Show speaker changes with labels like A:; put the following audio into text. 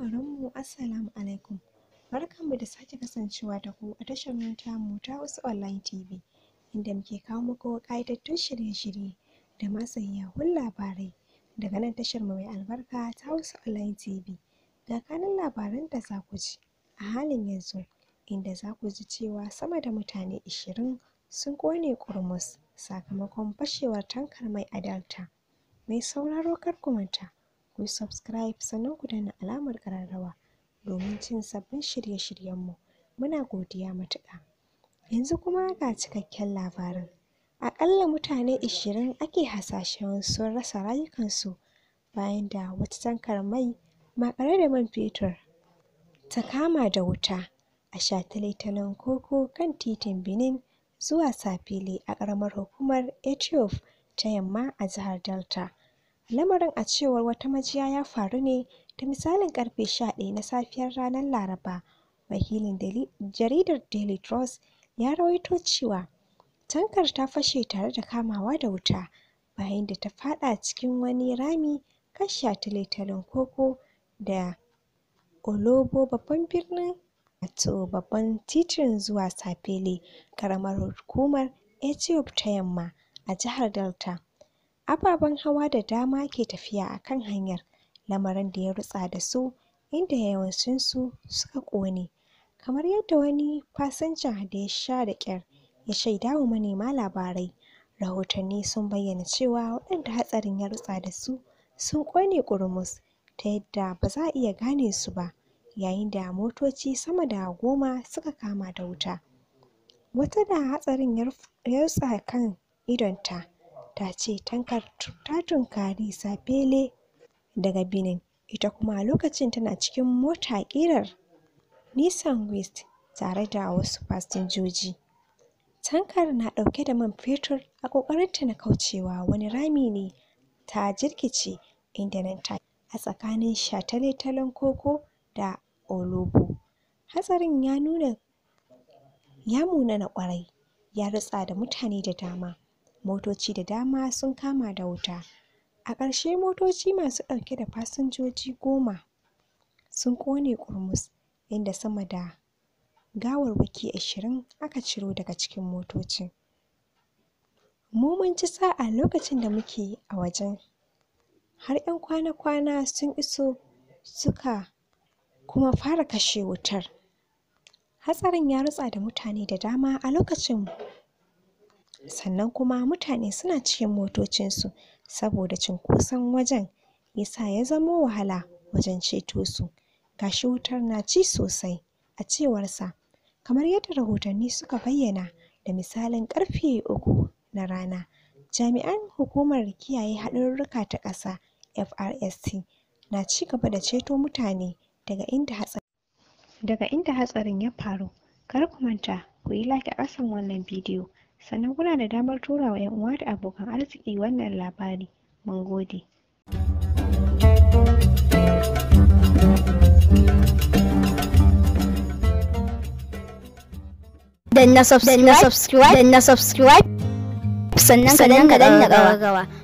A: sauraronmu Assalamu alaikum. mu da sake kasancewa da ku a tashar mu ta wasu online TV inda muke kawo muku ƙayatattun shirye-shirye da masayyahun labarai daga nan tashar mu mai albarka ta wasu online TV. Ga kanin labaran da za ku ji a halin yanzu inda za ku ji cewa sama da mutane 20 sun kone kurmus sakamakon fashewar tankar mai adalta. Mai sauraro kar kumanta ku subscribe sannan ku danna alamar ƙararrawa domin cin sabbin shirye-shiryenmu. Muna godiya matuƙa. Yanzu kuma ga cikakken labarin. Aƙalla mutane 20 ake hasashen sun rasa rayukansu bayan da wata tankar mai makare da man fetur ta kama da wuta a shataletalen koko kan titin Benin zuwa Sapele a ƙaramar hukumar Ethiope ta yamma a jihar Delta. Lamarin a cewar wata majiya ya faru ne ta misalin karfe 11 na safiyar ranar Laraba. Wakilin jaridar Daily Trust ya rawaito cewa tankar ta fashe tare da kamawa da wuta bayan da ta faɗa cikin wani rami kan shataletalen Koko da Olobo babban birnin wato babban titin zuwa safele karamar hukumar ethiopia ta Yamma, a jihar Delta. Ababen hawa da dama ke tafiya a kan hanyar, lamarin da ya rutsa da su, inda yawancinsu suka ƙone, kamar yadda wani fasinja da ya sha da ƙyar ya shaida wa manema labarai. Rahotanni sun bayyana cewa waɗanda hatsarin ya rutsa da su sun ƙone ƙurmus ta yadda ba za a iya gane su ba, yayin da motoci sama da goma suka kama da wuta. Wata da hatsarin ya rutsa kan idonta ta ce tankar ta tunkari Sapele daga Benin, ita kuma lokacin tana cikin mota ƙirar Nissan West tare da wasu fasinjoji. Tankar na ɗauke da man fetur a ƙoƙarinta na kaucewa wani rami ne ta jirkice inda nan ta a tsakanin shataletalen Koko da Olobo. Hatsarin ya nuna na kwarai. ya ritsa da mutane da dama. motoci da dama sun kama da wuta a ƙarshe motoci masu ɗauke da fasinjoji goma sun ƙone ƙurmus inda sama da gawarwaki ashirin aka ciro daga cikin motocin mu mun ci sa'a lokacin da muke a wajen har 'yan kwana-kwana sun iso suka kuma fara kashe wutar hatsarin ya rutsa da mutane da dama a lokacin sannan kuma mutane suna cikin motocinsu saboda cunkoson wajen yasa ya zamo wahala wajen ceto su ga shi wutar na ci sosai a cewarsa kamar yadda rahotanni suka bayyana da misalin karfe uku na rana jami'an hukumar kiyaye haɗarurruka ta ƙasa FRST, na ci gaba da ceto mutane daga inda hatsarin daga inda hatsarin ya faru kar ku manta ku yi like a ƙasan wannan bidiyo sannan kuna da damar tura wa 'yan uwa da abokan arziki wannan labari mun gode na subscribe na subscribe sannan ka danna gawa gawa